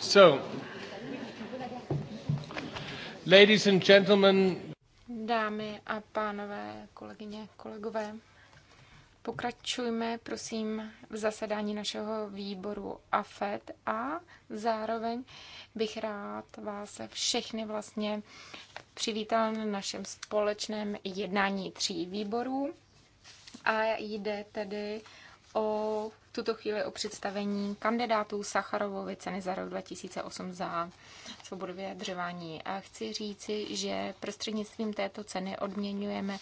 So, ladies and gentlemen, Dámy a pánové, kolegyně, kolegové, pokračujme prosím v zasedání našeho výboru AFED a zároveň bych rád vás všechny vlastně přivítal na našem společném jednání tří výborů a jde tedy o v tuto chvíli o představení kandidátů Sacharovovy ceny za rok 2008 za svobodu vyjadřování. A chci říci, že prostřednictvím této ceny odměňujeme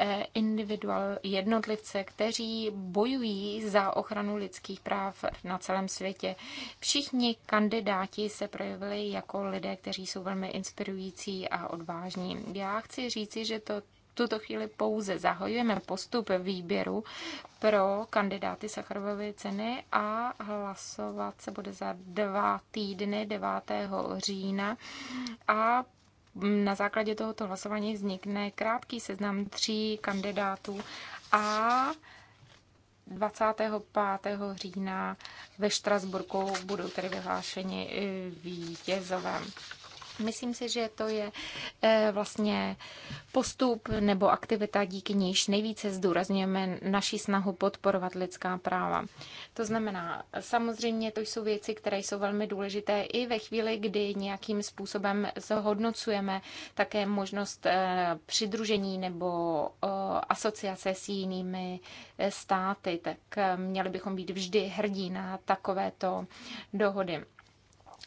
eh, individual jednotlivce, kteří bojují za ochranu lidských práv na celém světě. Všichni kandidáti se projevili jako lidé, kteří jsou velmi inspirující a odvážní. Já chci říci, že to tuto chvíli pouze zahojujeme postup výběru pro kandidáty Sacharovovy ceny a hlasovat se bude za dva týdny 9. října a na základě tohoto hlasování vznikne krátký seznam tří kandidátů a 25. října ve Štrasburku budou tedy vyhlášeni vítězové. Myslím si, že to je eh, vlastně postup nebo aktivita, díky níž nejvíce zdůrazňujeme naši snahu podporovat lidská práva. To znamená, samozřejmě to jsou věci, které jsou velmi důležité i ve chvíli, kdy nějakým způsobem zhodnocujeme také možnost eh, přidružení nebo eh, asociace s jinými státy, tak měli bychom být vždy hrdí na takovéto dohody.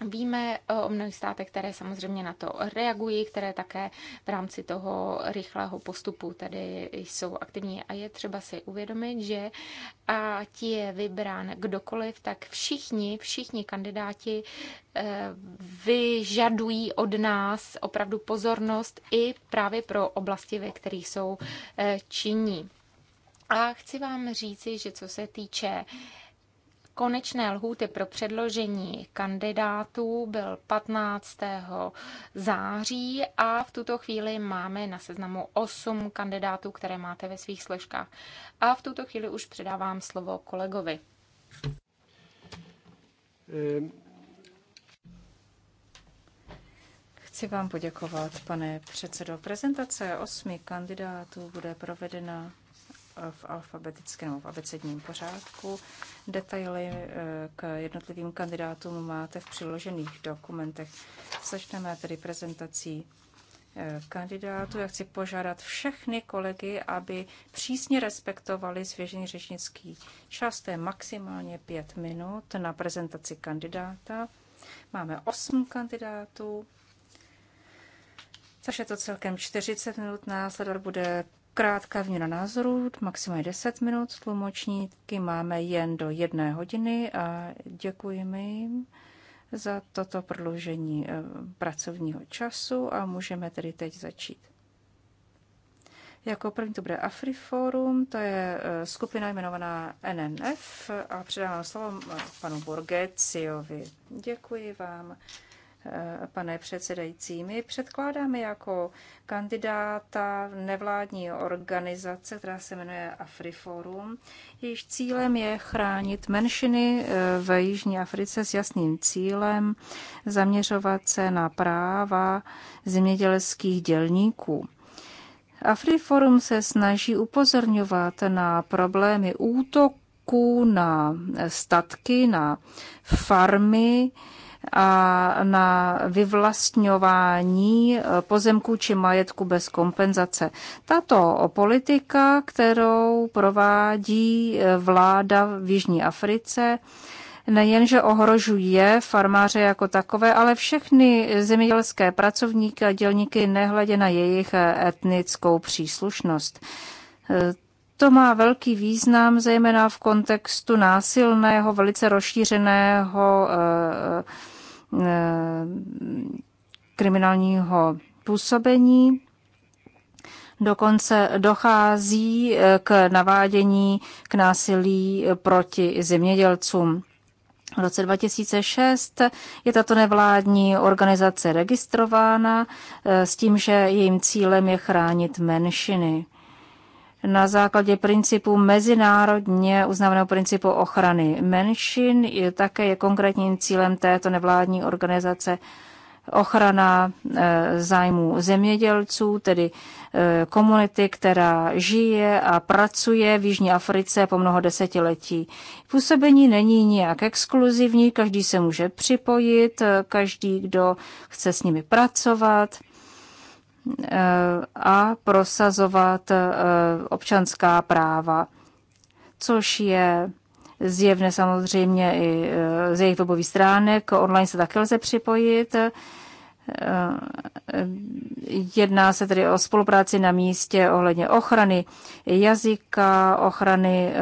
Víme eh, o mnohých státech, které samozřejmě na to reagují, které také v rámci toho rychlého postupu tady jsou aktivní. A je třeba si uvědomit, že ať je vybrán kdokoliv, tak všichni, všichni kandidáti eh, vyžadují od nás opravdu pozornost i právě pro oblasti, ve kterých jsou eh, činní. A chci vám říci, že co se týče Konečné lhůty pro předložení kandidátů byl 15. září a v tuto chvíli máme na seznamu 8 kandidátů, které máte ve svých složkách. A v tuto chvíli už předávám slovo kolegovi. Chci vám poděkovat, pane předsedo. Prezentace osmi kandidátů bude provedena v alfabetickém nebo v abecedním pořádku. Detaily eh, k jednotlivým kandidátům máte v přiložených dokumentech. Začneme tedy prezentací eh, kandidátů. Já chci požádat všechny kolegy, aby přísně respektovali svěžený řečnický čas, to je maximálně pět minut na prezentaci kandidáta. Máme osm kandidátů, což je to celkem 40 minut. Následovat bude Krátká vměna názorů, maximálně 10 minut, tlumočníky máme jen do jedné hodiny a děkujeme jim za toto prodloužení eh, pracovního času a můžeme tedy teď začít. Jako první to bude AfriForum, to je eh, skupina jmenovaná NNF a předávám slovo panu Borgeciovi. Děkuji vám. Eh, pane předsedající. My předkládáme jako kandidáta nevládní organizace, která se jmenuje AfriForum. Jejíž cílem je chránit menšiny eh, v Jižní Africe s jasným cílem zaměřovat se na práva zemědělských dělníků. AfriForum se snaží upozorňovat na problémy útoků na statky, na farmy, a na vyvlastňování eh, pozemků či majetku bez kompenzace. Tato politika, kterou provádí eh, vláda v Jižní Africe, nejenže ohrožuje farmáře jako takové, ale všechny zemědělské pracovníky a dělníky nehledě na jejich eh, etnickou příslušnost. To má velký význam, zejména v kontextu násilného, velice rozšířeného Eh, kriminálního působení. Dokonce dochází eh, k navádění k násilí proti zemědělcům. V roce 2006 je tato nevládní organizace registrována eh, s tím, že jejím cílem je chránit menšiny na základě principu mezinárodně uznávaného principu ochrany menšin. Je také je konkrétním cílem této nevládní organizace ochrana e, zájmů zemědělců, tedy e, komunity, která žije a pracuje v Jižní Africe po mnoho desetiletí. Působení není nijak exkluzivní, každý se může připojit, e, každý, kdo chce s nimi pracovat a prosazovat eh, občanská práva, což je zjevné samozřejmě i eh, z jejich webových stránek. Online se také lze připojit. Eh, jedná se tedy o spolupráci na místě ohledně ochrany jazyka, ochrany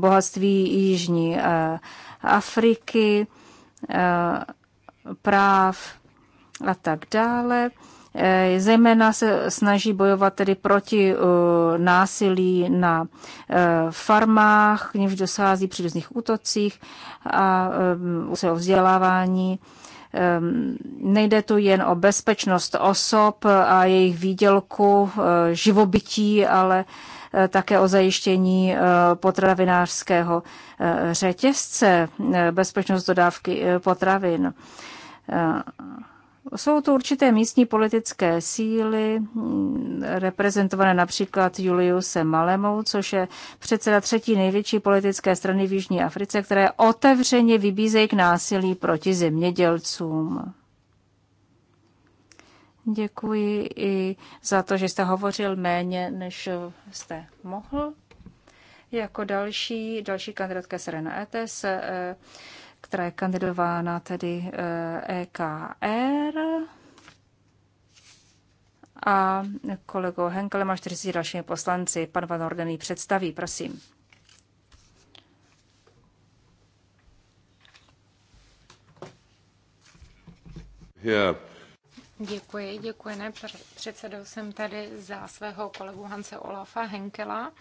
bohatství Jižní Afriky, práv a tak dále. Eh, zejména se snaží bojovat tedy proti eh, násilí na eh, farmách, k němž dosází při různých útocích a se o vzdělávání. Nejde tu jen o bezpečnost osob a jejich výdělku, živobytí, ale také o zajištění potravinářského řetězce, bezpečnost dodávky potravin jsou to určité místní politické síly, mm, reprezentované například Juliusem Malemou, což je předseda třetí největší politické strany v Jižní Africe, které otevřeně vybízejí k násilí proti zemědělcům. Děkuji i za to, že jste hovořil méně, než jste mohl. Jako další, další kandidátka Serena Etes eh, která je kandidována tedy EKR. Eh, e A kolego Henkele má 40 další poslanci. Pan Van Orden představí, prosím. Yeah. Děkuji, děkuji, ne, předsedou jsem tady za svého kolegu Hanse Olafa Henkela.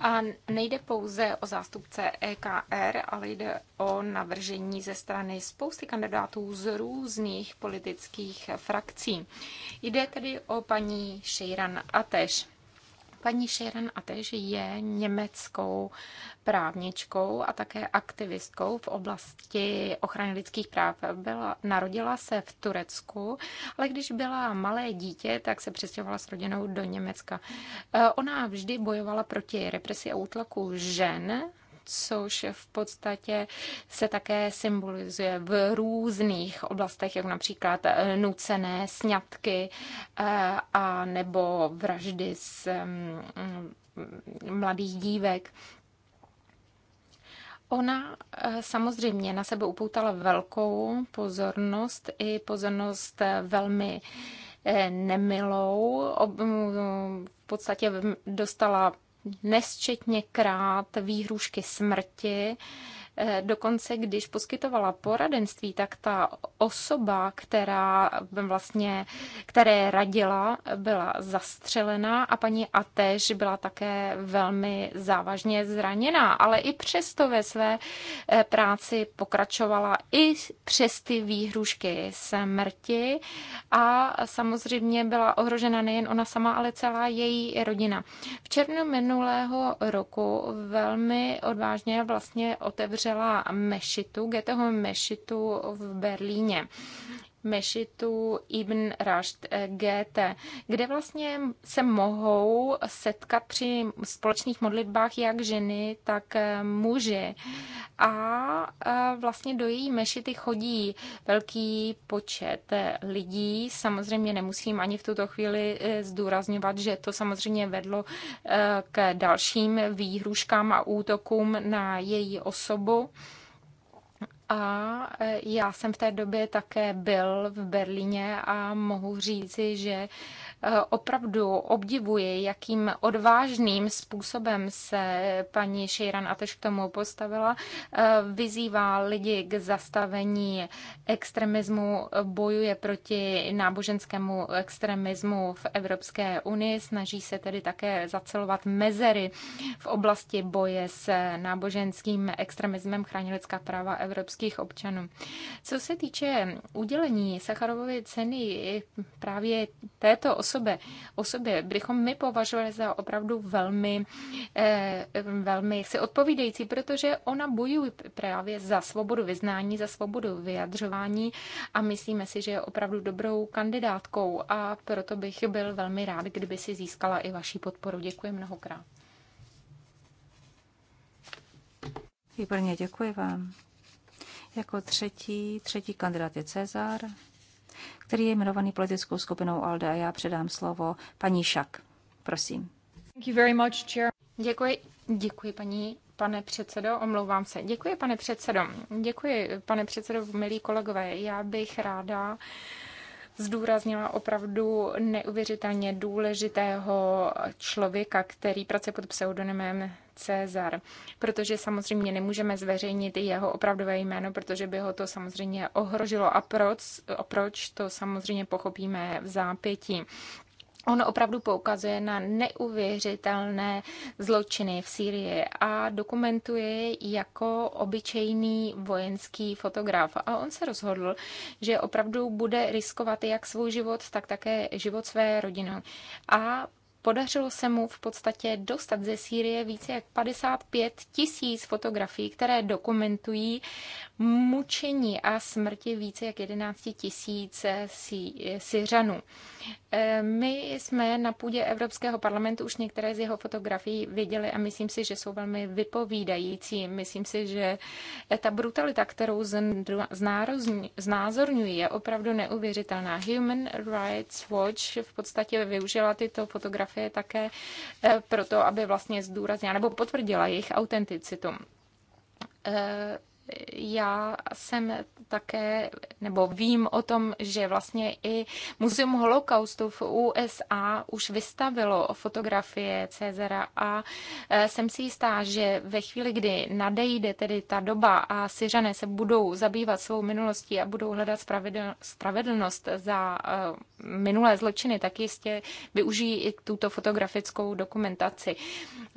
A nejde pouze o zástupce EKR, ale jde o navržení ze strany spousty kandidátů z různých politických frakcí. Jde tedy o paní Šejran Ateš. Paní Scheren a je německou právničkou a také aktivistkou v oblasti ochrany lidských práv. Byla, narodila se v Turecku, ale když byla malé dítě, tak se přestěhovala s rodinou do Německa. E, ona vždy bojovala proti represi a útlaku žen což v podstatě se také symbolizuje v různých oblastech, jako například eh, nucené sňatky eh, a nebo vraždy z mm, mm, mladých dívek. Ona eh, samozřejmě na sebe upoutala velkou pozornost i pozornost velmi nemilou. Mm, v podstatě dostala nesčetněkrát výhrušky smrti Eh, dokonce, když poskytovala poradenství, tak ta osoba, která vlastně, které radila, byla zastřelená a paní Atež byla také velmi závažně zraněná, ale i přesto ve své eh, práci pokračovala i přes ty výhrušky smrti a samozřejmě byla ohrožena nejen ona sama, ale celá její rodina. V červnu minulého roku velmi odvážně vlastně otevřela otevřela mešitu, getoho mešitu v Berlíně mešitu Ibn Rašt eh, GT, kde vlastně se mohou setkat při společných modlitbách jak ženy, tak eh, muži. A eh, vlastně do její mešity chodí velký počet lidí. Samozřejmě nemusím ani v tuto chvíli zdůrazňovat, že to samozřejmě vedlo k dalším výhruškám a útokům na její osobu. A e, já jsem v té době také byl v Berlíně a mohu říci, že Eh, opravdu obdivuji, jakým odvážným způsobem se paní Šejran Ateš k tomu postavila. Eh, vyzývá lidi k zastavení extremismu, bojuje proti náboženskému extremismu v Evropské unii, snaží se tedy také zacelovat mezery v oblasti boje s náboženským extremismem chrání lidská práva evropských občanů. Co se týče udělení Sacharovovy ceny eh, právě této Osobě, osobě, bychom my považovali za opravdu velmi, eh, velmi si odpovídající, protože ona bojuje právě za svobodu vyznání, za svobodu vyjadřování a myslíme si, že je opravdu dobrou kandidátkou a proto bych byl velmi rád, kdyby si získala i vaši podporu. Děkuji mnohokrát. Výborně, děkuji vám. Jako třetí, třetí kandidát je Cezar který je jmenovaný politickou skupinou ALDE. A já předám slovo paní Šak. Prosím. Thank you very much, chair. Děkuji, děkuji paní pane předsedo, omlouvám se. Děkuji, pane předsedo. Děkuji, pane předsedo, milí kolegové. Já bych ráda zdůraznila opravdu neuvěřitelně důležitého člověka, který pracuje pod pseudonymem Cezar, protože samozřejmě nemůžeme zveřejnit jeho opravdové jméno, protože by ho to samozřejmě ohrožilo a proč, proč to samozřejmě pochopíme v zápětí. On opravdu poukazuje na neuvěřitelné zločiny v Sýrii a dokumentuje jako obyčejný vojenský fotograf. A on se rozhodl, že opravdu bude riskovat jak svůj život, tak také život své rodiny. A Podařilo se mu v podstatě dostat ze Sýrie více jak 55 tisíc fotografií, které dokumentují mučení a smrti více jak 11 tisíc Syřanů. E, my jsme na půdě Evropského parlamentu už některé z jeho fotografií viděli a myslím si, že jsou velmi vypovídající. Myslím si, že ta brutalita, kterou znázorňují, je opravdu neuvěřitelná. Human Rights Watch v podstatě využila tyto fotografie je také eh, proto, aby vlastně zdůraznila nebo potvrdila jejich autenticitu eh, já jsem také, nebo vím o tom, že vlastně i Muzeum holokaustu v USA už vystavilo fotografie Cezara a e, jsem si jistá, že ve chvíli, kdy nadejde tedy ta doba a Syřané se budou zabývat svou minulostí a budou hledat spravedlnost za e, minulé zločiny, tak jistě využijí i tuto fotografickou dokumentaci.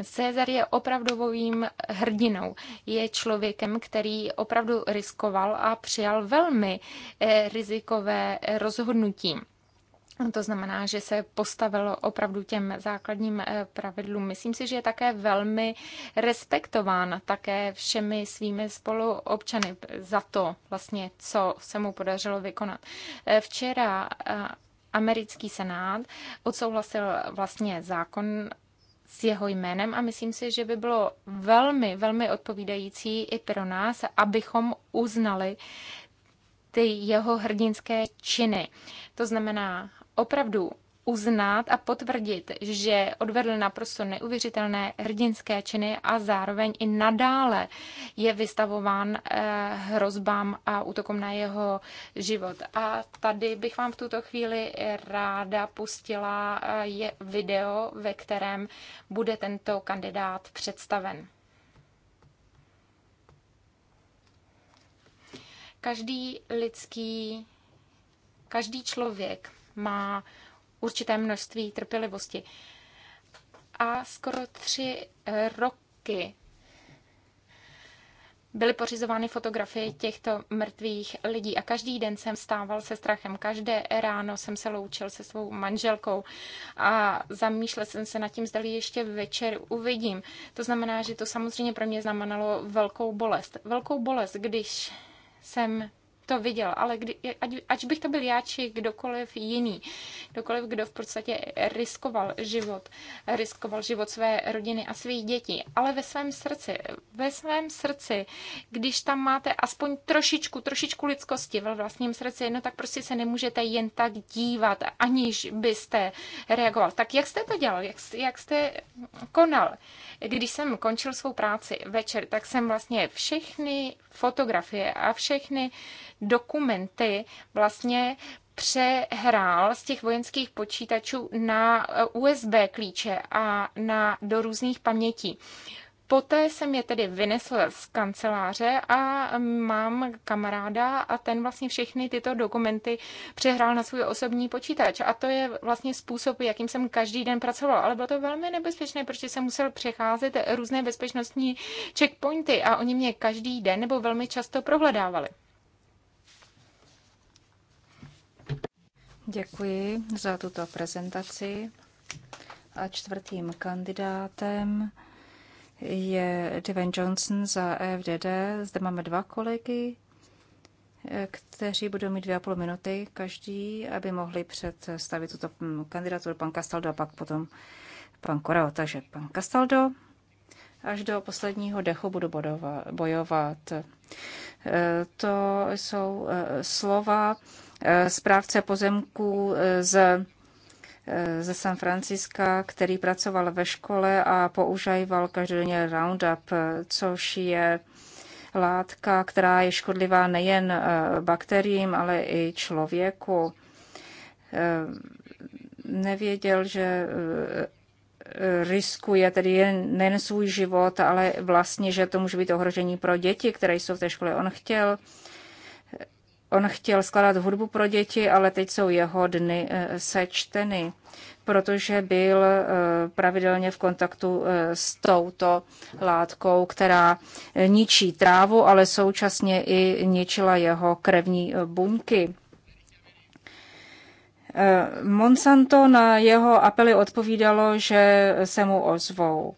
Cezar je opravdovým hrdinou. Je člověkem, který opravdu riskoval a přijal velmi eh, rizikové eh, rozhodnutí. To znamená, že se postavilo opravdu těm základním eh, pravidlům. Myslím si, že je také velmi respektován také všemi svými spoluobčany za to, vlastně, co se mu podařilo vykonat. Včera americký senát odsouhlasil vlastně zákon s jeho jménem a myslím si, že by bylo velmi, velmi odpovídající i pro nás, abychom uznali ty jeho hrdinské činy. To znamená opravdu uznat a potvrdit, že odvedl naprosto neuvěřitelné hrdinské činy a zároveň i nadále je vystavován eh, hrozbám a útokům na jeho život. A tady bych vám v tuto chvíli ráda pustila eh, je video, ve kterém bude tento kandidát představen. Každý lidský, každý člověk má určité množství trpělivosti. A skoro tři eh, roky byly pořizovány fotografie těchto mrtvých lidí a každý den jsem stával se strachem. Každé ráno jsem se loučil se svou manželkou a zamýšlel jsem se nad tím, zda ještě večer uvidím. To znamená, že to samozřejmě pro mě znamenalo velkou bolest. Velkou bolest, když jsem to viděl, ale kdy, ať, ať bych to byl já, či kdokoliv jiný, kdokoliv, kdo v podstatě riskoval život, riskoval život své rodiny a svých dětí, ale ve svém srdci, ve svém srdci, když tam máte aspoň trošičku, trošičku lidskosti ve vlastním srdci, no tak prostě se nemůžete jen tak dívat, aniž byste reagoval. Tak jak jste to dělal? Jak, jak jste konal? Když jsem končil svou práci večer, tak jsem vlastně všechny fotografie a všechny dokumenty vlastně přehrál z těch vojenských počítačů na eh, USB klíče a na, do různých pamětí. Poté jsem je tedy vynesl z kanceláře a mám kamaráda a ten vlastně všechny tyto dokumenty přehrál na svůj osobní počítač. A to je vlastně způsob, jakým jsem každý den pracoval. Ale bylo to velmi nebezpečné, protože jsem musel přecházet různé bezpečnostní checkpointy a oni mě každý den nebo velmi často prohledávali. Děkuji za tuto prezentaci. A čtvrtým kandidátem je Devin Johnson za EFDD. Zde máme dva kolegy, kteří budou mít dvě a půl minuty každý, aby mohli představit tuto kandidaturu pan Castaldo a pak potom pan Korao. Takže pan Castaldo až do posledního dechu budu bojovat. E, to jsou e, slova Eh, správce pozemků eh, z eh, ze San Franciska, který pracoval ve škole a používal každodenně Roundup, což je látka, která je škodlivá nejen bakteriím, ale i člověku. Nevěděl, že riskuje tedy jen, nejen svůj život, ale vlastně, že to může být ohrožení pro děti, které jsou v té škole. On chtěl On chtěl skladat hudbu pro děti, ale teď jsou jeho dny eh, sečteny, protože byl eh, pravidelně v kontaktu eh, s touto látkou, která ničí trávu, ale současně i ničila jeho krevní buňky. Monsanto na jeho apely odpovídalo, že se mu ozvou.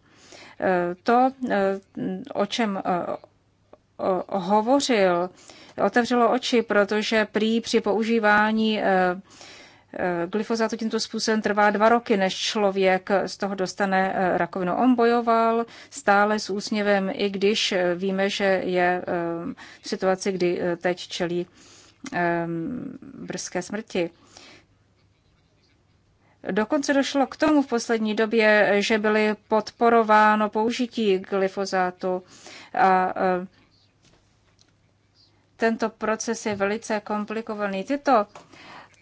To, o čem hovořil, otevřelo oči, protože prý při používání eh, eh, glyfozátu tímto způsobem trvá dva roky, než člověk z toho dostane eh, rakovinu. On bojoval stále s úsměvem, i když víme, že je v situaci, kdy teď čelí brzké smrti. Dokonce došlo k tomu v poslední době, že byly podporováno použití glyfozátu a tento proces je velice komplikovaný. Tyto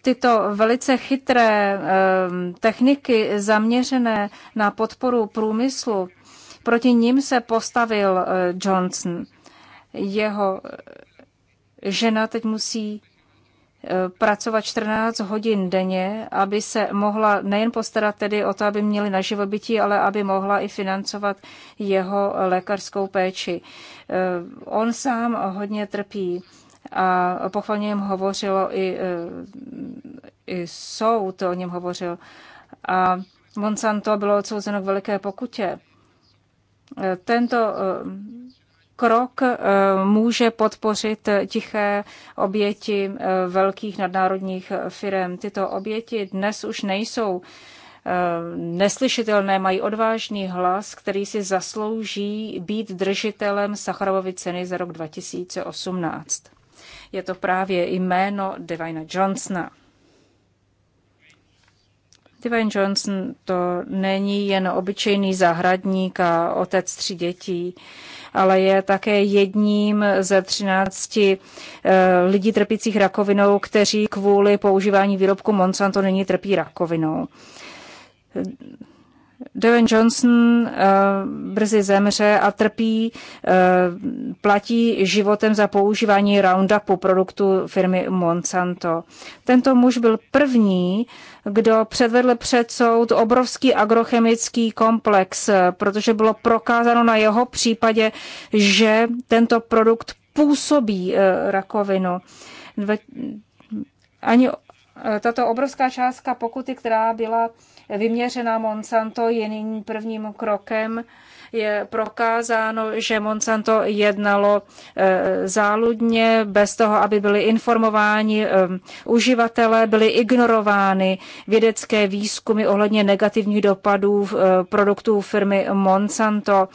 tyto velice chytré ehm, techniky zaměřené na podporu průmyslu, proti ním se postavil eh, Johnson. Jeho eh, žena teď musí Eh, pracovat 14 hodin denně, aby se mohla nejen postarat tedy o to, aby měli na živobytí, ale aby mohla i financovat jeho lékařskou péči. Eh, on sám hodně trpí a pochvalně jim hovořilo i, eh, i soud o něm hovořil. A Monsanto bylo odsouzeno k veliké pokutě. Tento krok eh, může podpořit tiché oběti eh, velkých nadnárodních firm. Tyto oběti dnes už nejsou eh, neslyšitelné, mají odvážný hlas, který si zaslouží být držitelem Sacharovovy ceny za rok 2018. Je to právě jméno Divina Johnsona. Divine Johnson to není jen obyčejný zahradník a otec tří dětí ale je také jedním ze 13 eh, lidí trpících rakovinou, kteří kvůli používání výrobku Monsanto nyní trpí rakovinou. Devin Johnson uh, brzy zemře a trpí, uh, platí životem za používání Roundupu produktu firmy Monsanto. Tento muž byl první kdo předvedl před soud obrovský agrochemický komplex, protože bylo prokázáno na jeho případě, že tento produkt působí eh, rakovinu. Ani tato obrovská částka pokuty, která byla vyměřena Monsanto, je nyní prvním krokem. Je prokázáno, že Monsanto jednalo eh, záludně, bez toho, aby byli informováni eh, uživatelé, byly ignorovány vědecké výzkumy ohledně negativních dopadů eh, produktů firmy Monsanto.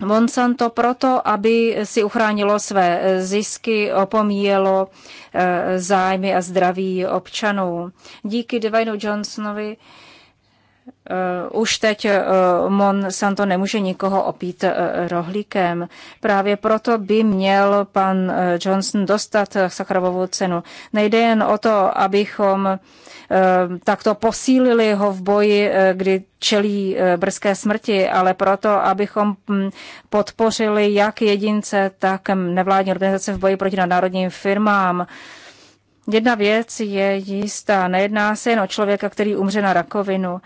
Monsanto proto, aby si uchránilo své eh, zisky, opomíjelo eh, zájmy a zdraví občanů. Díky Divinu Johnsonovi Eh, už teď eh, Monsanto nemůže nikoho opít eh, rohlíkem. Právě proto by měl pan Johnson dostat Sacharovou cenu. Nejde jen o to, abychom takto posílili ho v boji, kdy čelí brzké smrti, ale proto, abychom hm, podpořili jak jedince, tak nevládní organizace v boji proti nadnárodním firmám. Jedna věc je jistá, nejedná se jen o člověka, který umře na rakovinu.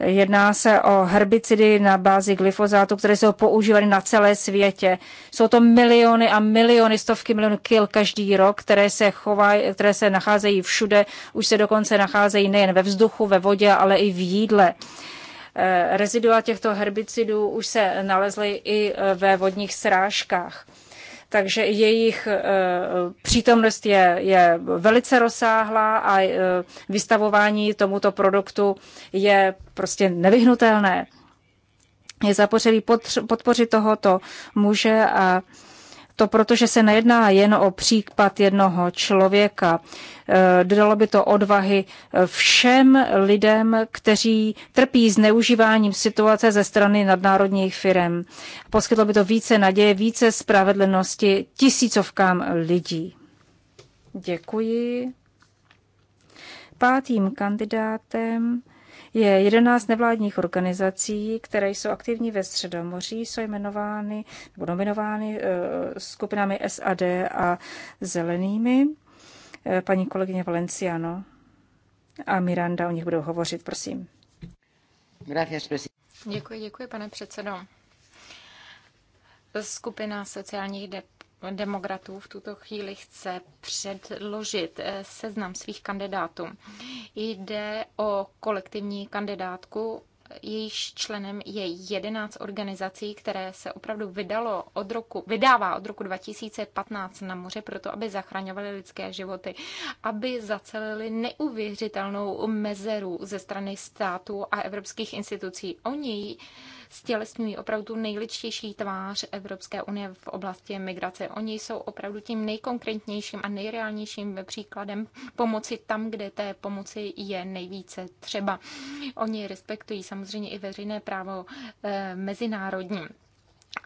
Jedná se o herbicidy na bázi glyfozátu, které jsou používány na celé světě. Jsou to miliony a miliony, stovky milionů kil každý rok, které se, chovají, které se nacházejí všude, už se dokonce nacházejí nejen ve vzduchu, ve vodě, ale i v jídle. Eh, rezidua těchto herbicidů už se nalezly i eh, ve vodních srážkách takže jejich eh, přítomnost je, je velice rozsáhlá a eh, vystavování tomuto produktu je prostě nevyhnutelné. Je zapotřebí podpořit tohoto muže a to protože se nejedná jen o případ jednoho člověka. E, dodalo by to odvahy e, všem lidem, kteří trpí zneužíváním situace ze strany nadnárodních firm. Poskytlo by to více naděje, více spravedlnosti tisícovkám lidí. Děkuji. Pátým kandidátem je 11 nevládních organizací, které jsou aktivní ve Středomoří, jsou jmenovány nebo nominovány eh, skupinami SAD a zelenými. Eh, paní kolegyně Valenciano a Miranda o nich budou hovořit, prosím. Děkuji, děkuji, pane předsedo. Skupina sociálních demokratů v tuto chvíli chce předložit eh, seznam svých kandidátů. Jde o kolektivní kandidátku jejíž členem je 11 organizací, které se opravdu vydalo od roku, vydává od roku 2015 na moře proto, aby zachraňovaly lidské životy, aby zacelili neuvěřitelnou mezeru ze strany států a evropských institucí. Oni stělesňují opravdu nejličtější tvář Evropské unie v oblasti migrace. Oni jsou opravdu tím nejkonkrétnějším a nejreálnějším příkladem pomoci tam, kde té pomoci je nejvíce třeba. Oni respektují samozřejmě i veřejné právo eh, mezinárodní.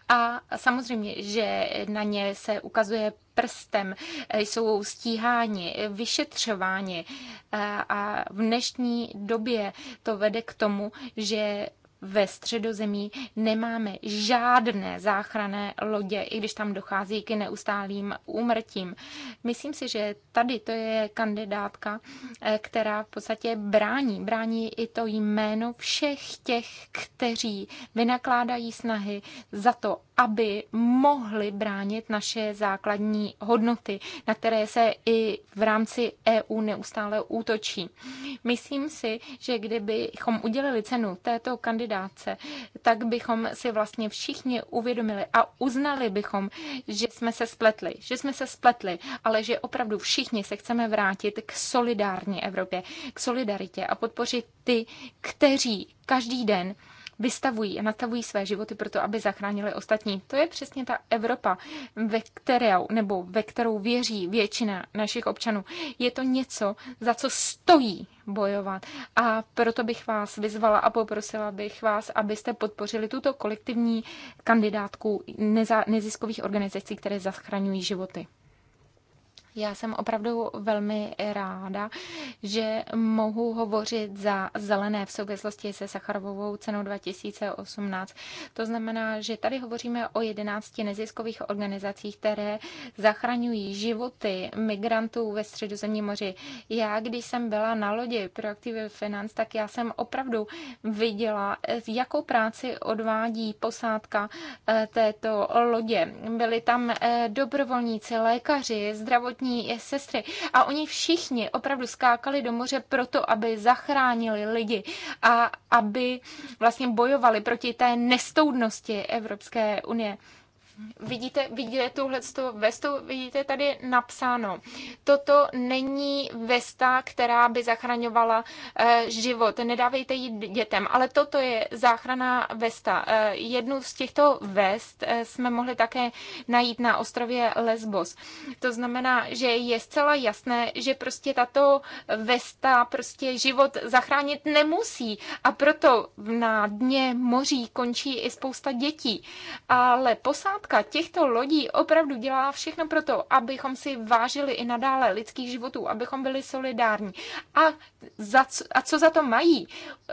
A samozřejmě, že na ně se ukazuje prstem, eh, jsou stíháni, vyšetřováni. Eh, a v dnešní době to vede k tomu, že ve středozemí nemáme žádné záchrané lodě, i když tam dochází k neustálým úmrtím. Myslím si, že tady to je kandidátka, eh, která v podstatě brání, brání i to jméno všech těch, kteří vynakládají snahy za to, aby mohli bránit naše základní hodnoty, na které se i v rámci EU neustále útočí. Myslím si, že kdybychom udělili cenu této kandidáce, tak bychom si vlastně všichni uvědomili a uznali bychom, že jsme se spletli, že jsme se spletli, ale že opravdu všichni se chceme vrátit k solidární Evropě, k solidaritě a podpořit ty, kteří každý den vystavují a nastavují své životy pro to, aby zachránili ostatní. To je přesně ta Evropa, ve kterou, nebo ve kterou věří většina našich občanů. Je to něco, za co stojí bojovat. A proto bych vás vyzvala a poprosila bych vás, abyste podpořili tuto kolektivní kandidátku neziskových organizací, které zachraňují životy. Já jsem opravdu velmi ráda, že mohu hovořit za zelené v souvislosti se Sacharovou cenou 2018. To znamená, že tady hovoříme o 11 neziskových organizacích, které zachraňují životy migrantů ve Středozemním moři. Já, když jsem byla na lodi Proactive Finance, tak já jsem opravdu viděla, jakou práci odvádí posádka eh, této lodě. Byli tam eh, dobrovolníci, lékaři, zdravotní zdravotní sestry. A oni všichni opravdu skákali do moře proto, aby zachránili lidi a aby vlastně bojovali proti té nestoudnosti Evropské unie. Vidíte, vidíte tuhle vestu, vidíte tady napsáno. Toto není vesta, která by zachraňovala eh, život. Nedávejte ji dětem, ale toto je záchranná vesta. Eh, jednu z těchto vest eh, jsme mohli také najít na ostrově Lesbos. To znamená, že je zcela jasné, že prostě tato vesta prostě život zachránit nemusí a proto na dně moří končí i spousta dětí. Ale posádka posádka těchto lodí opravdu dělá všechno pro to, abychom si vážili i nadále lidských životů, abychom byli solidární. A, za, a co za to mají?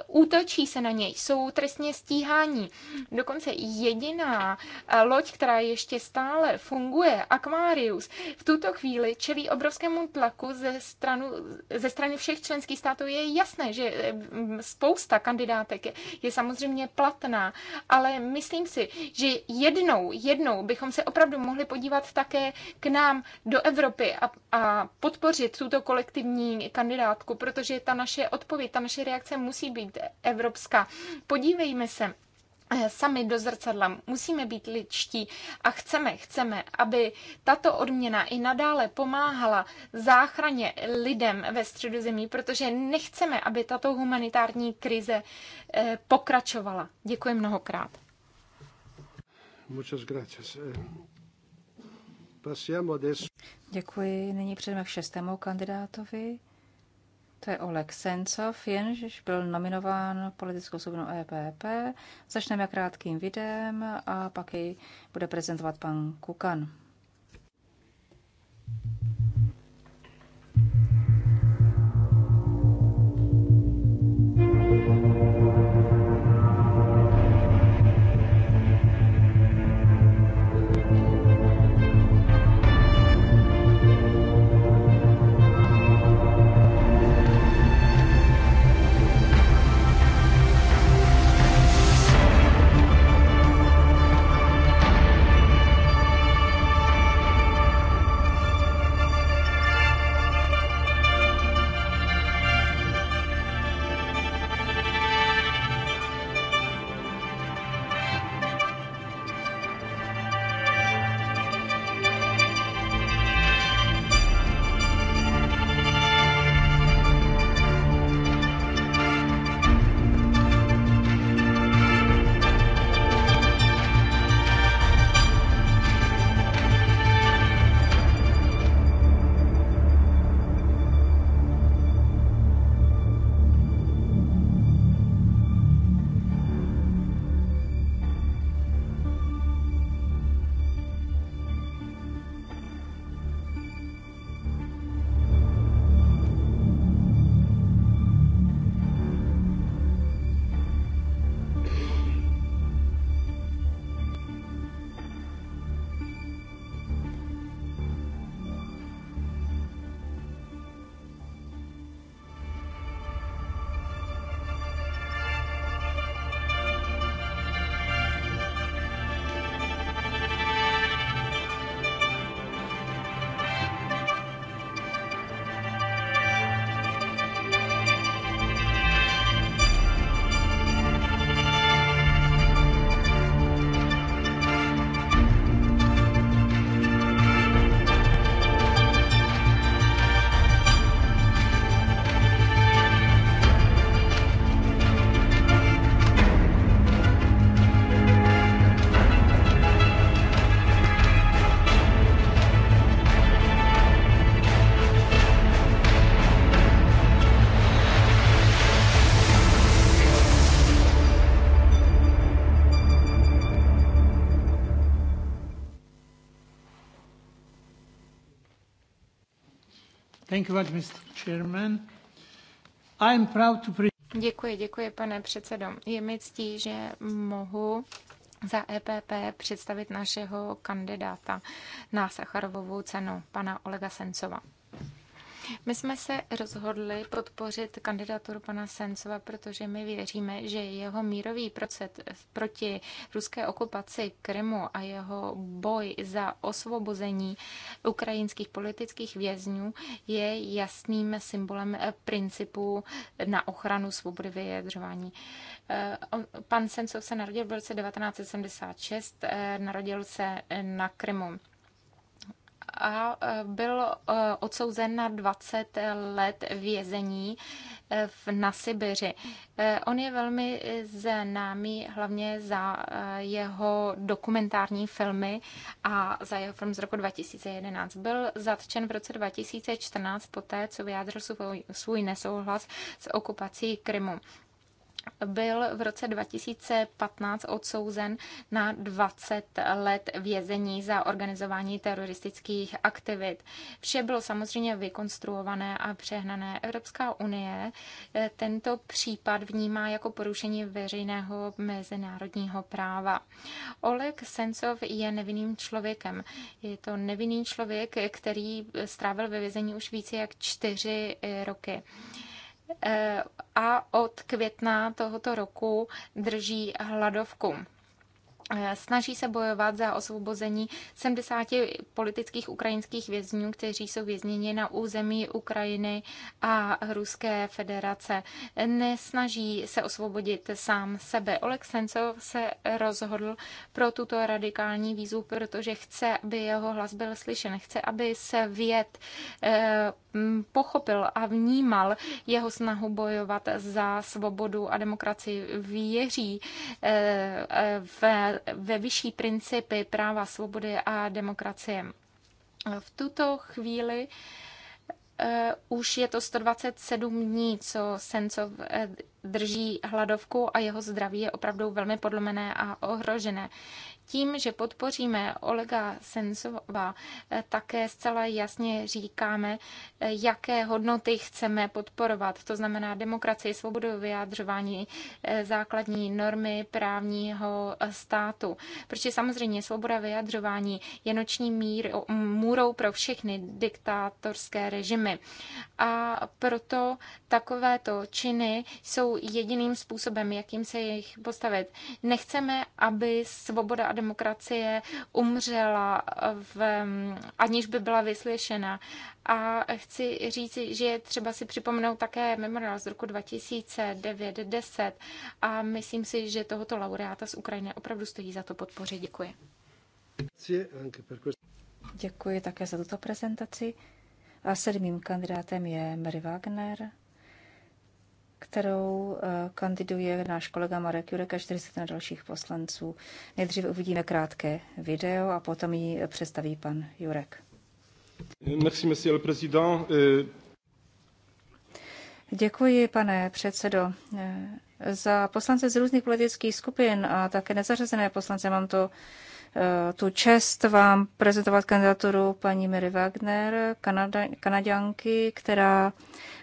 Útočí se na něj, jsou trestně stíhání. Dokonce jediná eh, loď, která ještě stále funguje, Aquarius, v tuto chvíli čelí obrovskému tlaku ze, stranu, ze strany všech členských států. Je jasné, že eh, spousta kandidátek je, je samozřejmě platná, ale myslím si, že jednou, jednou jednou bychom se opravdu mohli podívat také k nám do Evropy a, a podpořit tuto kolektivní kandidátku, protože ta naše odpověď, ta naše reakce musí být evropská. Podívejme se eh, sami do zrcadla. Musíme být lidští a chceme, chceme, aby tato odměna i nadále pomáhala záchraně lidem ve středozemí, protože nechceme, aby tato humanitární krize eh, pokračovala. Děkuji mnohokrát. Muchas gracias. Eh, adesso. Děkuji. Nyní přejdeme k šestému kandidátovi. To je Oleg Sencov, jenž byl nominován politickou skupinou EPP. Začneme krátkým videem a pak jej bude prezentovat pan Kukan. Děkuji, děkuji, pane předsedo. Je mi ctí, že mohu za EPP představit našeho kandidáta na Sacharovovou cenu, pana Olega Sencova. My jsme se rozhodli podpořit kandidaturu pana Sencova, protože my věříme, že jeho mírový proces proti ruské okupaci Krymu a jeho boj za osvobození ukrajinských politických vězňů je jasným symbolem principu na ochranu svobody vyjadřování. Eh, pan Sencov se narodil v roce 1976, eh, narodil se na Krymu a e, byl e, odsouzen na 20 let vězení e, na Sibiři. On je velmi známý hlavně za jeho dokumentární filmy a za jeho film z roku 2011. Byl zatčen v roce 2014 poté, co vyjádřil svůj nesouhlas s okupací Krymu byl v roce 2015 odsouzen na 20 let vězení za organizování teroristických aktivit. Vše bylo samozřejmě vykonstruované a přehnané. Evropská unie eh, tento případ vnímá jako porušení veřejného mezinárodního práva. Oleg Sencov je nevinným člověkem. Je to nevinný člověk, který strávil ve vězení už více jak čtyři eh, roky. Eh, a od května tohoto roku drží hladovku. Eh, snaží se bojovat za osvobození 70 politických ukrajinských vězňů, kteří jsou vězněni na území Ukrajiny a Ruské federace. Nesnaží se osvobodit sám sebe. Oleg Sencov se rozhodl pro tuto radikální výzvu, protože chce, aby jeho hlas byl slyšen. Chce, aby se věd. Eh, Mm, pochopil a vnímal jeho snahu bojovat za svobodu a demokracii. Věří eh, eh, ve, ve vyšší principy práva, svobody a demokracie. V tuto chvíli eh, už je to 127 dní, co Sencov drží hladovku a jeho zdraví je opravdu velmi podlomené a ohrožené. Tím, že podpoříme Olega Sensova, eh, také zcela jasně říkáme, eh, jaké hodnoty chceme podporovat. To znamená demokracii, svobodu vyjádřování, eh, základní normy právního státu. Protože samozřejmě svoboda vyjadřování je noční mír, můrou pro všechny diktátorské režimy. A proto takovéto činy jsou jediným způsobem, jakým se jich postavit. Nechceme, aby svoboda a demokracie umřela, v, mm, aniž by byla vyslyšena. A chci říct, že je třeba si připomenout také memorál z roku 2009-10 a myslím si, že tohoto laureáta z Ukrajiny opravdu stojí za to podpořit. Děkuji. Děkuji také za tuto prezentaci. A sedmým kandidátem je Mary Wagner kterou eh, kandiduje náš kolega Marek Jurek a 40 dalších poslanců. Nejdříve uvidíme krátké video a potom ji představí pan Jurek. Merci, monsieur le président. Eh, Děkuji, pane předsedo. Eh, za poslance z různých politických skupin a také nezařazené poslance mám to Eh, tu čest vám prezentovat kandidaturu paní Mary Wagner, kanaděnky, která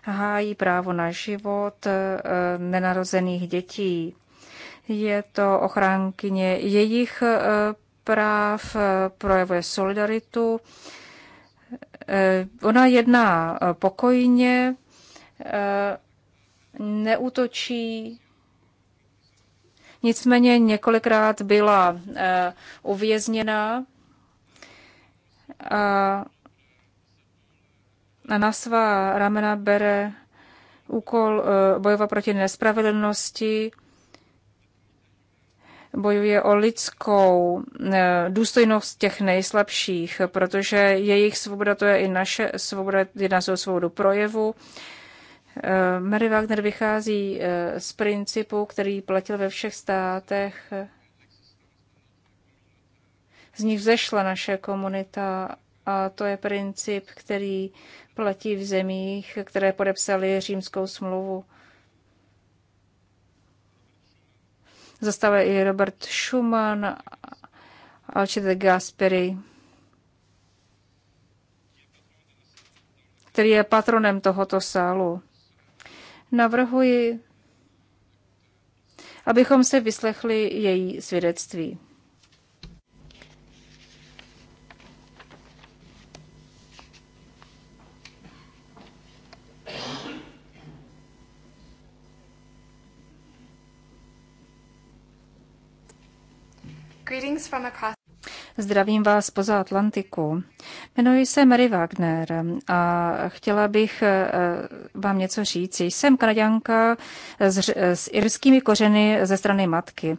hájí právo na život eh, nenarozených dětí. Je to ochránkyně jejich eh, práv, projevuje solidaritu. Ona jedná pokojně, neútočí Nicméně několikrát byla eh, uvězněná a na svá ramena bere úkol eh, bojova proti nespravedlnosti, bojuje o lidskou eh, důstojnost těch nejslabších, protože jejich svoboda to je i naše svoboda, jedná se o svobodu projevu, Eh, Mary Wagner vychází eh, z principu, který platil ve všech státech. Z nich vzešla naše komunita a to je princip, který platí v zemích, které podepsaly římskou smlouvu. Zastává i Robert Schumann, Alcide Gasperi, který je patronem tohoto sálu. Navrhuji, abychom se vyslechli její svědectví. Greetings from across Zdravím vás poza Atlantiku. Jmenuji se Mary Wagner a chtěla bych eh, vám něco říct. Jsem kanaděnka s, eh, s irskými kořeny ze strany matky.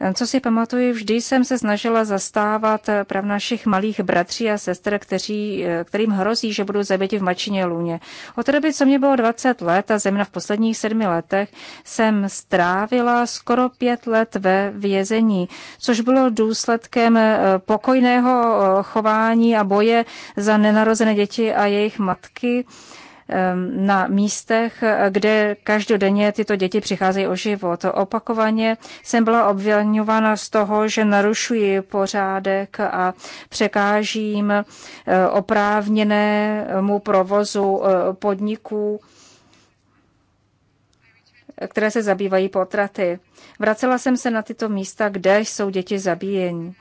Eh, co si pamatuju, vždy jsem se snažila zastávat prav našich malých bratří a sester, kteří, kterým hrozí, že budou zabiti v mačině lůně. Od té doby, co mě bylo 20 let a zejména v posledních sedmi letech, jsem strávila skoro pět let ve vězení, což bylo důsledkem pokojného eh, chování a boje za nenarozené děti a jejich matky ehm, na místech, eh, kde každodenně tyto děti přicházejí o život. Opakovaně jsem byla obvěňována z toho, že narušuji pořádek a překážím eh, oprávněnému provozu podniků které se zabývají potraty. Vracela jsem se na tyto místa, kde jsou děti zabíjení.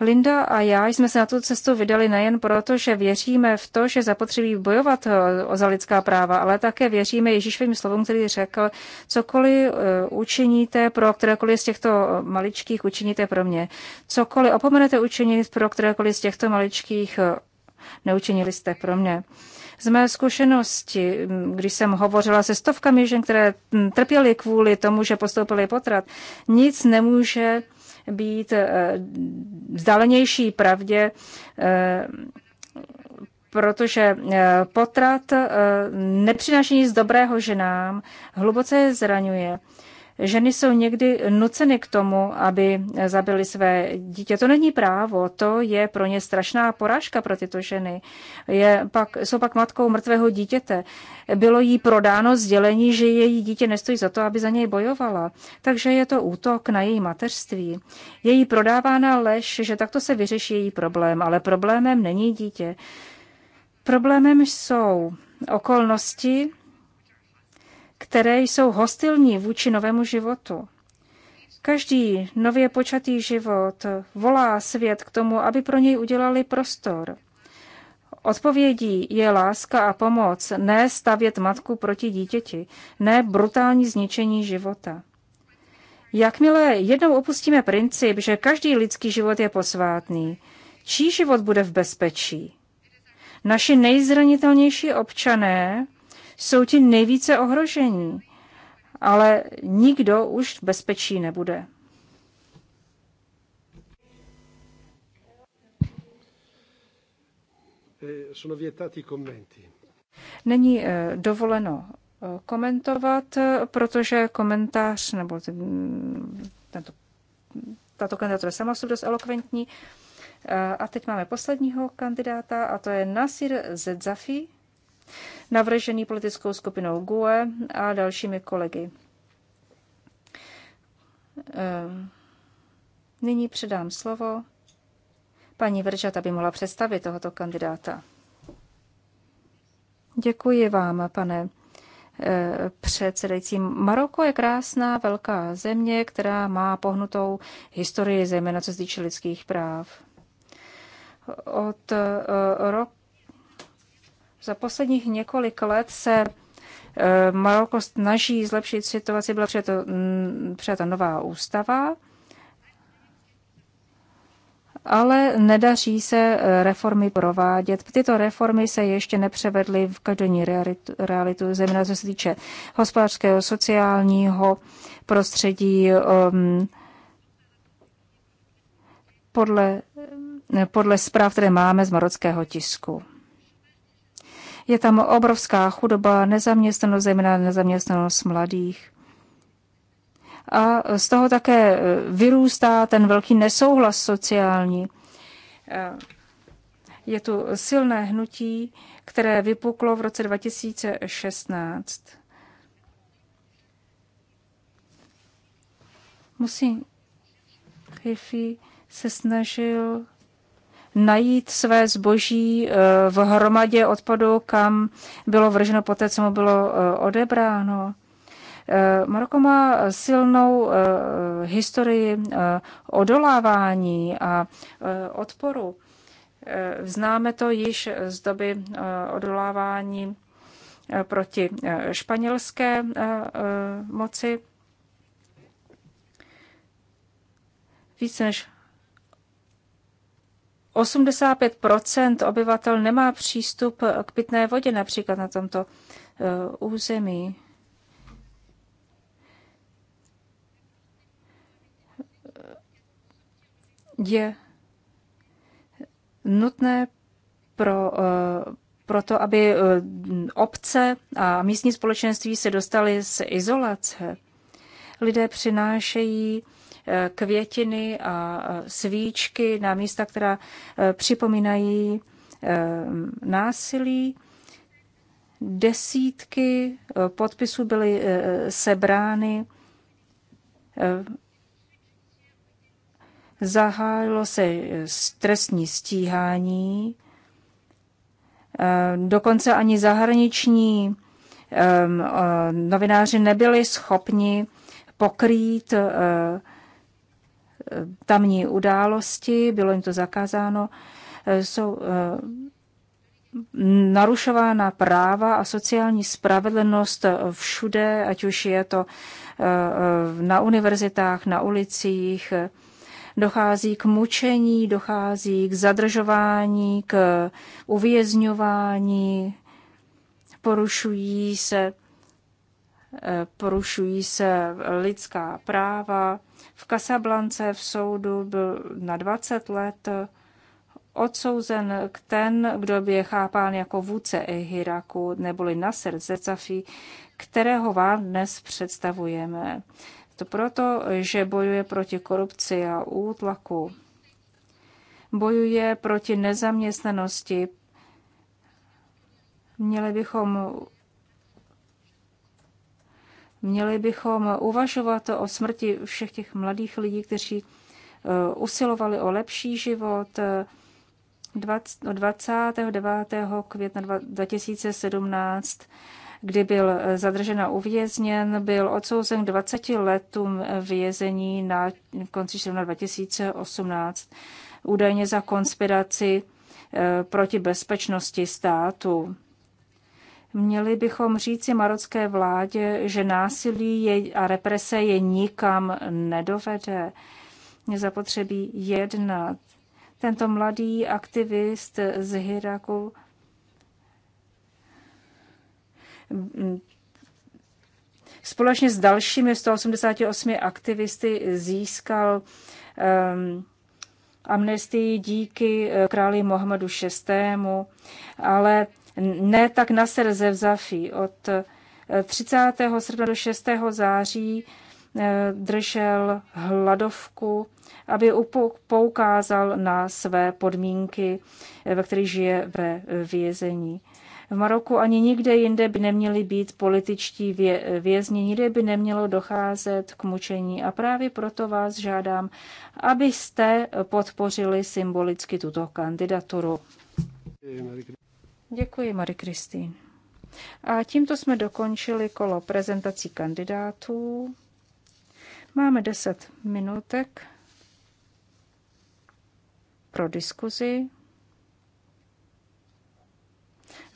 Linda a já jsme se na tu cestu vydali nejen proto, že věříme v to, že zapotřebí bojovat eh, o za lidská práva, ale také věříme Ježíšovým slovům, který řekl, cokoliv eh, učiníte pro kterékoliv z těchto eh, maličkých, učiníte pro mě. Cokoliv opomenete učinit pro kterékoliv z těchto maličkých, neučinili jste pro mě. Z mé zkušenosti, mm, když jsem hovořila se stovkami žen, které mm, trpěly kvůli tomu, že postoupily potrat, nic nemůže být eh, vzdálenější pravdě, eh, protože eh, potrat nepřináší nic dobrého ženám, hluboce je zraňuje Ženy jsou někdy nuceny k tomu, aby zabili své dítě. To není právo, to je pro ně strašná porážka pro tyto ženy. Je pak, jsou pak matkou mrtvého dítěte. Bylo jí prodáno sdělení, že její dítě nestojí za to, aby za něj bojovala. Takže je to útok na její mateřství. Je jí prodávána lež, že takto se vyřeší její problém, ale problémem není dítě. Problémem jsou okolnosti, které jsou hostilní vůči novému životu. Každý nově počatý život volá svět k tomu, aby pro něj udělali prostor. Odpovědí je láska a pomoc, ne stavět matku proti dítěti, ne brutální zničení života. Jakmile jednou opustíme princip, že každý lidský život je posvátný, čí život bude v bezpečí? Naši nejzranitelnější občané, jsou ti nejvíce ohrožení. Ale nikdo už v bezpečí nebude. Eh, Není eh, dovoleno eh, komentovat, protože komentář nebo tento, tato kandidatura sama jsou dost elokventní. A teď máme posledního kandidáta a to je Nasir Zedzafi navržený politickou skupinou GUE a dalšími kolegy. Ehm, nyní předám slovo paní Vržat, aby mohla představit tohoto kandidáta. Děkuji vám, pane eh, předsedající. Maroko je krásná velká země, která má pohnutou historii, zejména co se týče lidských práv. Od eh, roku za posledních několik let se e, Maroko snaží zlepšit situaci, byla přijata, mm, přijata nová ústava, ale nedaří se e, reformy provádět. Tyto reformy se ještě nepřevedly v každodenní realitu, realitu zejména co se týče hospodářského, sociálního prostředí. Um, podle, podle zpráv, které máme z marockého tisku. Je tam obrovská chudoba, nezaměstnanost, zejména nezaměstnanost mladých. A z toho také eh, vyrůstá ten velký nesouhlas sociální. Eh, je tu silné hnutí, které vypuklo v roce 2016. Musím Griffey se snažil najít své zboží eh, v hromadě odpadu, kam bylo vrženo poté, co mu bylo eh, odebráno. Eh, Maroko má silnou historii odolávání a odporu. Známe to již z doby odolávání proti španělské moci. Více než 85 obyvatel nemá přístup k pitné vodě například na tomto eh, území. Je nutné pro, eh, pro to, aby eh, obce a místní společenství se dostaly z izolace. Lidé přinášejí eh, květiny a eh, svíčky na místa, která eh, připomínají násilí. Desítky podpisů byly sebrány. Zahájilo se trestní stíhání. Dokonce ani zahraniční novináři nebyli schopni pokrýt eh, eh, tamní události, bylo jim to zakázáno, eh, jsou narušována práva a sociální spravedlnost všude, ať už je to na univerzitách, na ulicích, dochází k mučení, dochází k zadržování, k uvězňování, porušují se Eh, porušují se lidská práva. V Kasablance v soudu byl na 20 let odsouzen k ten, kdo by je chápán jako vůdce Hiraku neboli Nasser Zecafi, kterého vám dnes představujeme. To proto, že bojuje proti korupci a útlaku. Bojuje proti nezaměstnanosti. Měli bychom Měli bychom uvažovat o smrti všech těch mladých lidí, kteří eh, usilovali o lepší život. 29. No, května 2017 kdy byl eh, zadržen a uvězněn, byl odsouzen k 20 letům vězení na konci června 2018, údajně za konspiraci eh, proti bezpečnosti státu. Měli bychom říci marocké vládě, že násilí je, a represe je nikam nedovede. Je zapotřebí jednat. Tento mladý aktivist z Hiraku společně s dalšími 188 aktivisty získal um, amnestii díky eh, králi Mohamedu VI. Ale ne tak na serze v Zafí. Od 30. Eh, srpna do 6. září eh, držel hladovku, aby poukázal na své podmínky, eh, ve kterých žije ve vězení. V Maroku ani nikde jinde by neměli být političtí vězni, nikde by nemělo docházet k mučení. A právě proto vás žádám, abyste podpořili symbolicky tuto kandidaturu. Děkuji, Marie Kristýn. A tímto jsme dokončili kolo prezentací kandidátů. Máme 10 minutek pro diskuzi.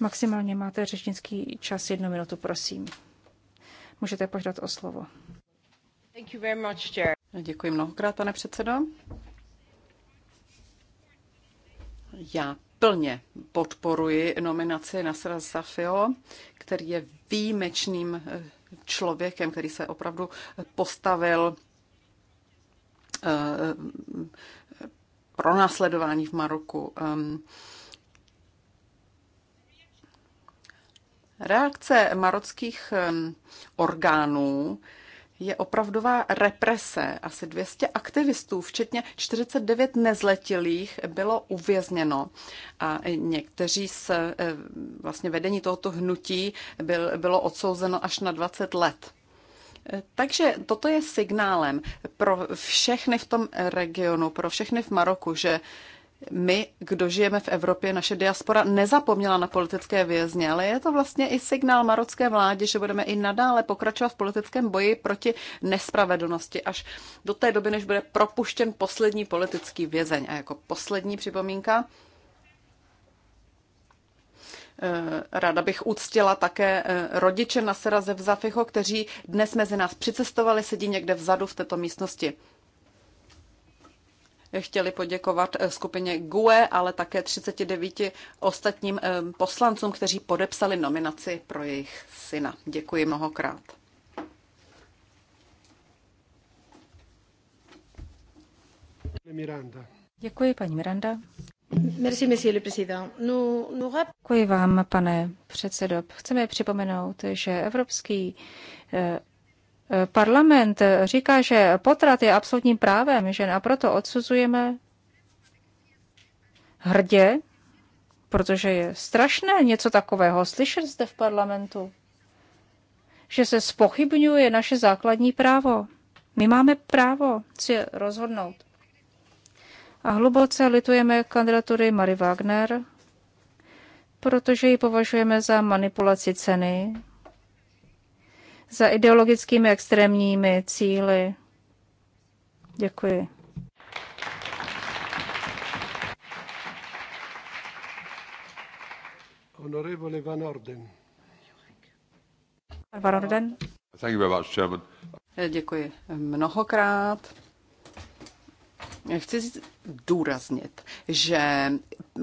Maximálně máte řečnický čas jednu minutu, prosím. Můžete požádat o slovo. Thank you very much, Chair. Děkuji mnohokrát, pane předsedo. Já plně podporuji nominaci Nasra Safio, který je výjimečným eh, člověkem, který se opravdu eh, postavil eh, pro následování v Maroku. Ehm, reakce marockých ehm, orgánů je opravdová represe. Asi 200 aktivistů, včetně 49 nezletilých, bylo uvězněno. A někteří z e, vlastně vedení tohoto hnutí byl, bylo odsouzeno až na 20 let. E, takže toto je signálem pro všechny v tom regionu, pro všechny v Maroku, že my, kdo žijeme v Evropě, naše diaspora nezapomněla na politické vězně, ale je to vlastně i signál marocké vládě, že budeme i nadále pokračovat v politickém boji proti nespravedlnosti až do té doby, než bude propuštěn poslední politický vězeň. A jako poslední připomínka, eh, Ráda bych uctila také eh, rodiče na Seraze v Zafiho, kteří dnes mezi nás přicestovali, sedí někde vzadu v této místnosti chtěli poděkovat eh, skupině GUE, ale také 39 ostatním eh, poslancům, kteří podepsali nominaci pro jejich syna. Děkuji mnohokrát. Miranda. Děkuji, paní Miranda. Merci, monsieur le président. Nous, nous... Děkuji vám, pane předsedo. Chceme připomenout, že Evropský eh, Parlament říká, že potrat je absolutním právem žen a proto odsuzujeme hrdě, protože je strašné něco takového slyšet zde v parlamentu, že se spochybňuje naše základní právo. My máme právo si rozhodnout. A hluboce litujeme kandidatury Mary Wagner, protože ji považujeme za manipulaci ceny za ideologickými extrémními cíly. Děkuji. Honorable Van Orden. Van Orden. Thank you very much, Chairman. Děkuji mnohokrát. Chci důraznit, že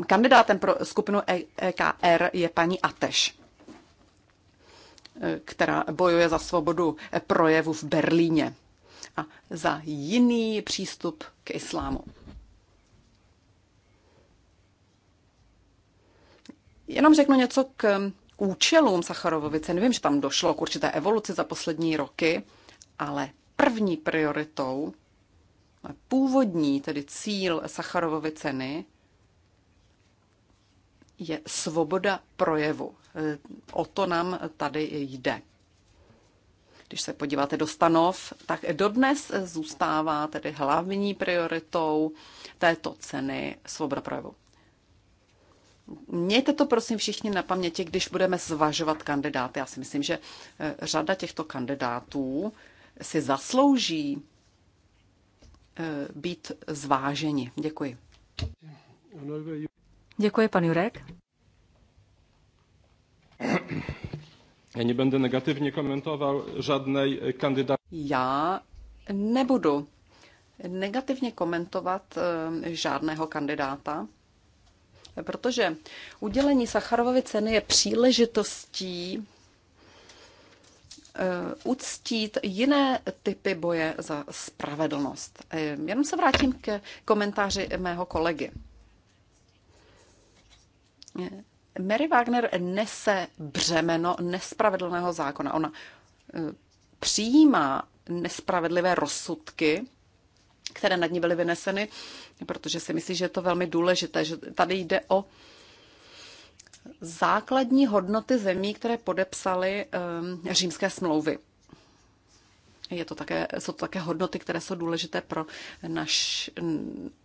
kandidátem pro skupinu EKR e je paní Ateš která bojuje za svobodu projevu v Berlíně a za jiný přístup k islámu. Jenom řeknu něco k účelům Sacharovovice. Nevím, že tam došlo k určité evoluci za poslední roky, ale první prioritou, původní tedy cíl Sacharovovy ceny, je svoboda projevu. E, o to nám tady jde. Když se podíváte do stanov, tak dodnes zůstává tedy hlavní prioritou této ceny svoboda projevu. Mějte to prosím všichni na paměti, když budeme zvažovat kandidáty. Já si myslím, že e, řada těchto kandidátů si zaslouží e, být zváženi. Děkuji. Děkuji, pan Jurek. Já nebudu negativně komentoval žádnej kandidát. Já nebudu negativně komentovat eh, žádného kandidáta, protože udělení Sacharovovy ceny je příležitostí eh, uctít jiné typy boje za spravedlnost. Eh, jenom se vrátím k komentáři mého kolegy. Mary Wagner nese břemeno nespravedlného zákona. Ona e, přijímá nespravedlivé rozsudky, které nad ní byly vyneseny, protože si myslí, že je to velmi důležité, že tady jde o základní hodnoty zemí, které podepsaly um, římské smlouvy. Je to také, jsou to také hodnoty, které jsou důležité pro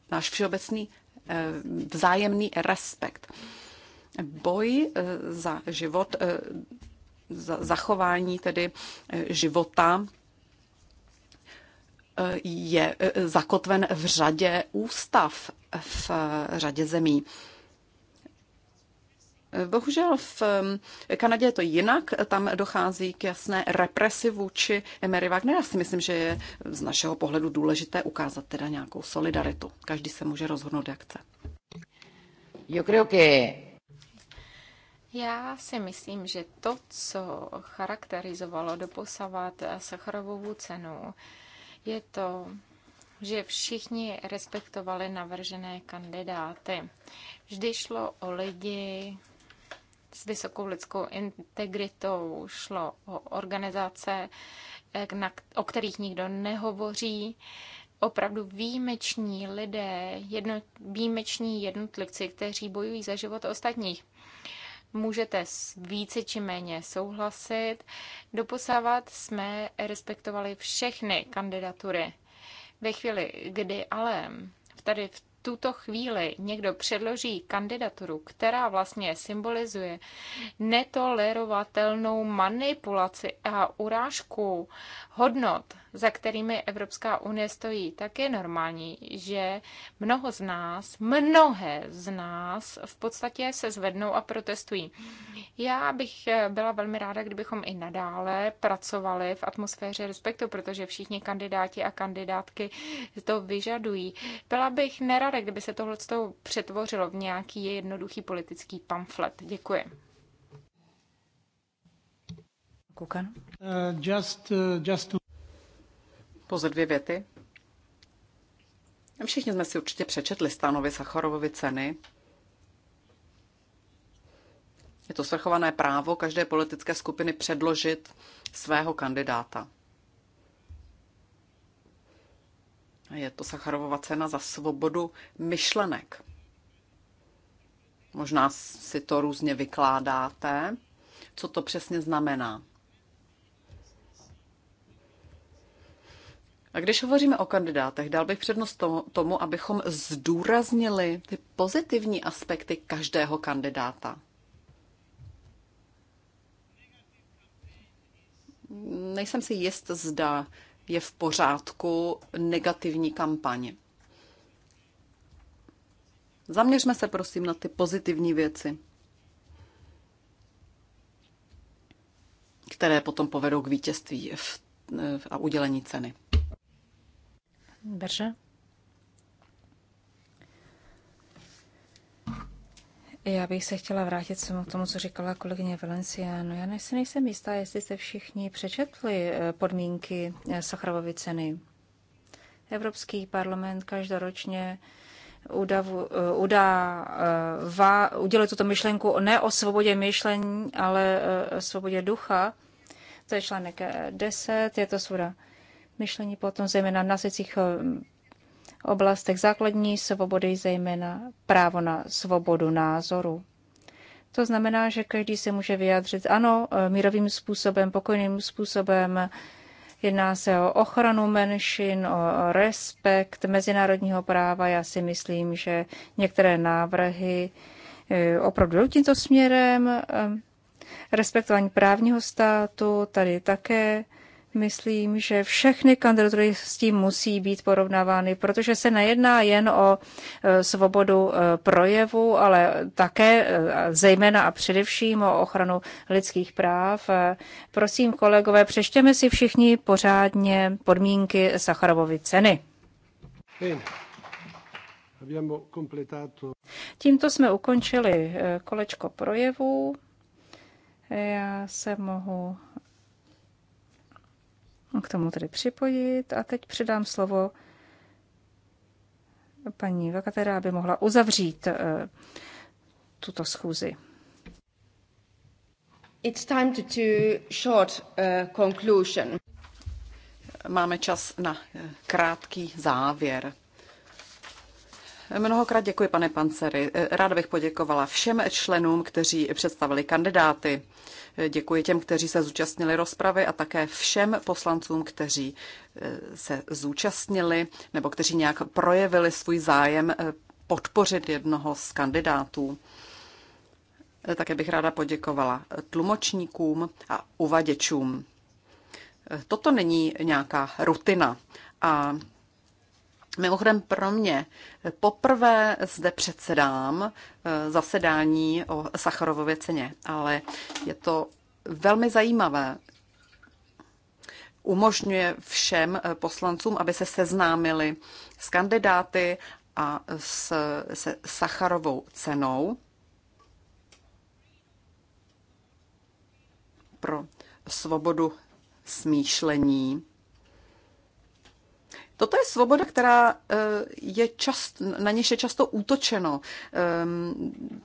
náš všeobecný e, vzájemný respekt boj eh, za život, eh, za zachování tedy eh, života je zakotven v řadě ústav v řadě zemí. Bohužel v Kanadě je to jinak, tam dochází k jasné represi vůči Mary Wagner. Já si myslím, že je z našeho pohledu důležité ukázat teda nějakou solidaritu. Každý se může rozhodnout, jak chce. Yo creo que já si myslím, že to, co charakterizovalo doposavat Sacharovou cenu, je to, že všichni respektovali navržené kandidáty. Vždy šlo o lidi s vysokou lidskou integritou, šlo o organizace, o kterých nikdo nehovoří, opravdu výjimeční lidé, jedno, výjimeční jednotlivci, kteří bojují za život ostatních můžete více či méně souhlasit. Doposávat jsme respektovali všechny kandidatury. Ve chvíli, kdy ale tady v tuto chvíli někdo předloží kandidaturu, která vlastně symbolizuje netolerovatelnou manipulaci a urážku hodnot, za kterými Evropská unie stojí, tak je normální, že mnoho z nás, mnohé z nás v podstatě se zvednou a protestují. Já bych eh, byla velmi ráda, kdybychom i nadále pracovali v atmosféře respektu, protože všichni kandidáti a kandidátky to vyžadují. Byla bych nerada, ráda, kdyby se tohle přetvořilo v nějaký jednoduchý politický pamflet. Děkuji. Kukan? Uh, just, uh, just to... Pozor dvě věty. Všichni jsme si určitě přečetli stanovy Sacharovovy ceny. Je to svrchované právo každé politické skupiny předložit svého kandidáta. Je to Sacharovova cena za svobodu myšlenek. Možná si to různě vykládáte, co to přesně znamená. A když hovoříme o kandidátech, dal bych přednost tomu, abychom zdůraznili ty pozitivní aspekty každého kandidáta. Nejsem si jist, zda je v pořádku negativní kampaň. Zaměřme se prosím na ty pozitivní věci, které potom povedou k vítězství a udělení ceny. Berže? Já bych se chtěla vrátit k tomu, co říkala kolegyně Valenciano. Já si nejsem jistá, jestli jste všichni přečetli eh, podmínky eh, Sacharovovy ceny. Evropský parlament každoročně udavu, eh, udá, tuto myšlenku ne o svobodě myšlení, ale o svobodě ducha. To je článek 10, je to svoda myšlení potom zejména na následujících oblastech základní svobody, zejména právo na svobodu názoru. To znamená, že každý se může vyjádřit ano, mírovým způsobem, pokojným způsobem. Jedná se o ochranu menšin, o respekt mezinárodního práva. Já si myslím, že některé návrhy eh, opravdu jdou tímto směrem. Ehm, respektování právního státu tady také Myslím, že všechny kandidatury s tím musí být porovnávány, protože se nejedná jen o e, svobodu e, projevu, ale také e, zejména a především o ochranu lidských práv. Prosím, kolegové, přečtěme si všichni pořádně podmínky Sacharovovy ceny. Tímto jsme ukončili kolečko projevů. Já se mohu k tomu tedy připojit. A teď předám slovo paní Vakatera, aby mohla uzavřít eh, tuto schůzi. It's time to do short uh, conclusion. Máme čas na eh, krátký závěr. Mnohokrát děkuji, pane Pancery. Ráda bych poděkovala všem členům, kteří představili kandidáty. Děkuji těm, kteří se zúčastnili rozpravy a také všem poslancům, kteří eh, se zúčastnili nebo kteří nějak projevili svůj zájem eh, podpořit jednoho z kandidátů. Eh, také bych ráda poděkovala tlumočníkům a uvaděčům. Toto není nějaká rutina a Mimochodem pro mě poprvé zde předsedám eh, zasedání o Sacharovově ceně, ale je to velmi zajímavé. Umožňuje všem eh, poslancům, aby se seznámili s kandidáty a s, se Sacharovou cenou pro svobodu smýšlení Toto je svoboda, která eh, je čast, na něž je často útočeno eh,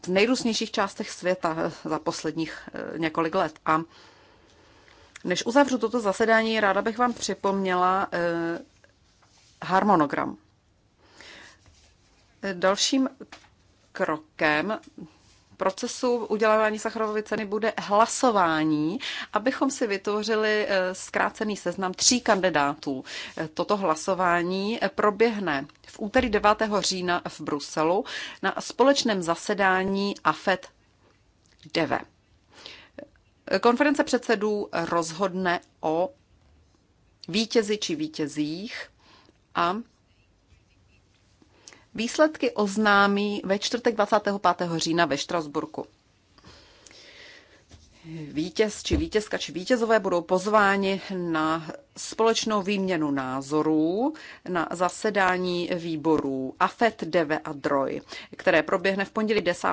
v nejrůznějších částech světa eh, za posledních několik let. A než uzavřu toto zasedání, ráda bych vám připomněla harmonogram. Dalším krokem procesu udělování Sacharovovy ceny bude hlasování, abychom si vytvořili eh, zkrácený seznam tří kandidátů. Eh, toto hlasování eh, proběhne v úterý 9. října v Bruselu na společném zasedání AFET 9. Konference předsedů rozhodne o vítězi či vítězích a Výsledky oznámí ve čtvrtek 25. října ve Štrasburku. Vítěz či vítězka či vítězové budou pozváni na společnou výměnu názorů na zasedání výborů AFET, DEVE a DROJ, které proběhne v pondělí 10.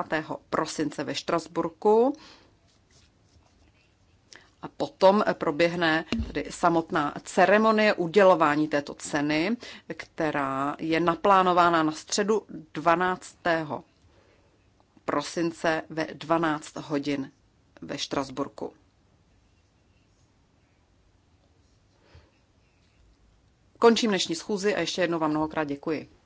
prosince ve Štrasburku a potom proběhne tedy samotná ceremonie udělování této ceny, která je naplánována na středu 12. prosince ve 12 hodin ve Štrasburku. Končím dnešní schůzi a ještě jednou vám mnohokrát děkuji.